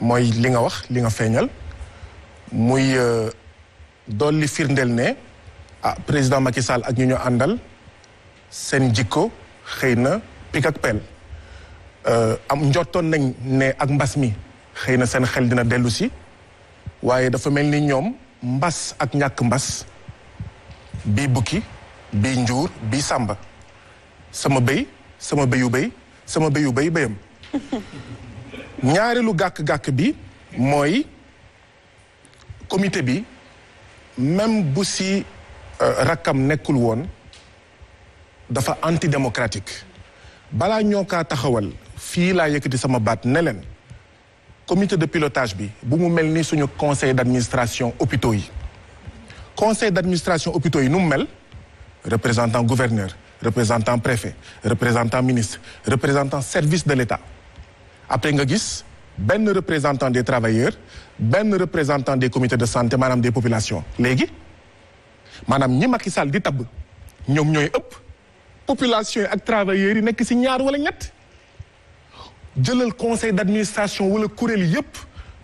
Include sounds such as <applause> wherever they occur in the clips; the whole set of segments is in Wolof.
mooy li nga wax li nga feeñal muy euh, dolli firndeel ne ah président Macky Sall ak ñu ñu àndal seen jikko xëy na pik ak peel euh, am njottoon nañ ne ak mbas mi xëy na seen xel dina dellu si waaye dafa mel ni ñoom mbas ak ñàkk mbas bii bukki bii njuur bi sàmba sama béy sama béyu béy sama béyu béy béyam <laughs> ñaareelu gàkk-gàkk bi mooy comité bi même bu si euh, rakkam nekkul woon dafa antidémocratique balaa ñoo kaa taxawal fii laa yëkkati sama baat neleen leen comité de pilotage bi bu mu mel ni suñu conseil d'administration hôpitaux yi conseil d'administration hôpitaux yi nu mu mel représentant gouverneur représentant préfet représentant ministre représentant service de l'État après nga gis benn représentant des travailleurs benn représentant des commité de santé maanaam des populations léegi maanaam ñi Macky Sall di tabb ñoom ñooy ëpp population yi ak travailleurs yi nekk ci ñaar wala ñett jëlal conseil d'administration wala kuréel yépp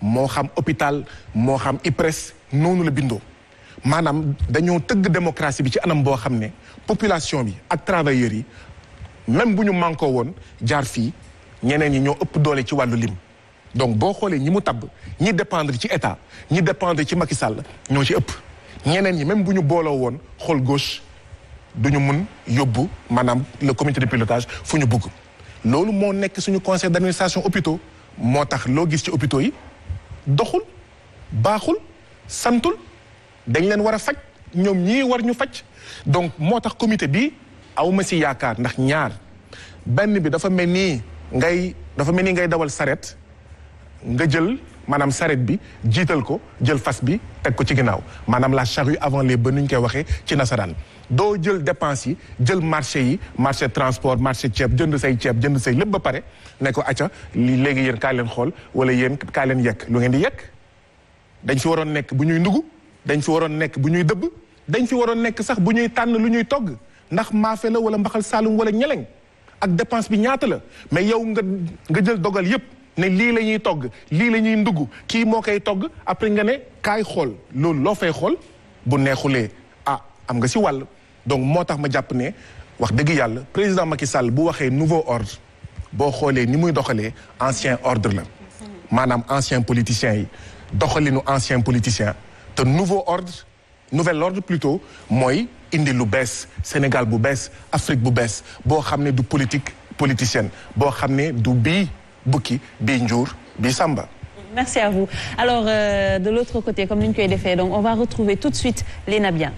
moo xam hôpital moo xam IPRES noonu la bindoo maanaam dañoo tëgg démocratie bi ci anam boo xam ne population bi ak travailleurs yi même bu ñu manko woon jaar fii ñeneen ñi ñoo ëpp doole ci wàllu lim donc boo xoolee ñi mu tabb ñi dépendre ci état ñi dépendre ci Macky Sall ñoo ci ëpp ñeneen ñi même bu ñu booloo woon xool gauche du ñu mun yóbbu maanaam le comité de pilotage fu ñu bugg loolu moo nekk suñu conseil d'administration hôpitaux moo tax loo gis ci hôpitaux yi doxul baaxul santul dañ leen war a faj ñoom ñii war ñu faj donc moo tax comité bi awma si yaakaar ndax ñaar benn bi dafa mel nii ngay dafa mel ni ngay dawal saret nga jël maanaam saret bi jiital ko jël fas bi teg ko ci ginnaaw maanaam la charrue avant les bœufs nu koy waxee ci nasaraan doo jël dépense yi jël marché yi marché transport marché ceeb jënd say ceeb jënd say lépp ba pare ne ko acca li léegi yéen kaa leen xool wala yéen kaa leen yekk lu ngeen di yekk dañ fi waroon nekk bu ñuy ndugu dañ fi waroon nekk bu ñuy dëbb dañ fi waroon nekk sax bu ñuy tànn lu ñuy togg ndax maafe la wala mbaxal saalum wala ñeleng ak dépense bi ñaata la mais yow nga nga jël dogal yépp ne lii la ñuy togg lii la ñuy ndugg kii moo koy togg après nga ne kaay xool loolu loo fay xool bu neexulee ah am nga si wàll donc moo tax ma jàpp ne wax dëgg yàlla président Macky Sall bu waxee nouveau ordre boo xoolee ni muy doxalee ancien ordre la maanaam ancien politicien yi doxalinu ancien politicien te nouveau ordre nouvel ordre pluto mooy indi lu bees Sénégal bu bees Afrique bu bees boo xam ne du politique politicienne boo xam ne du bii bukki bii njuur bii sàmba merci à vous alors euh, de l'autre côté comme ni ñu koy defee donc on va retrouver tout de suite Lena Bien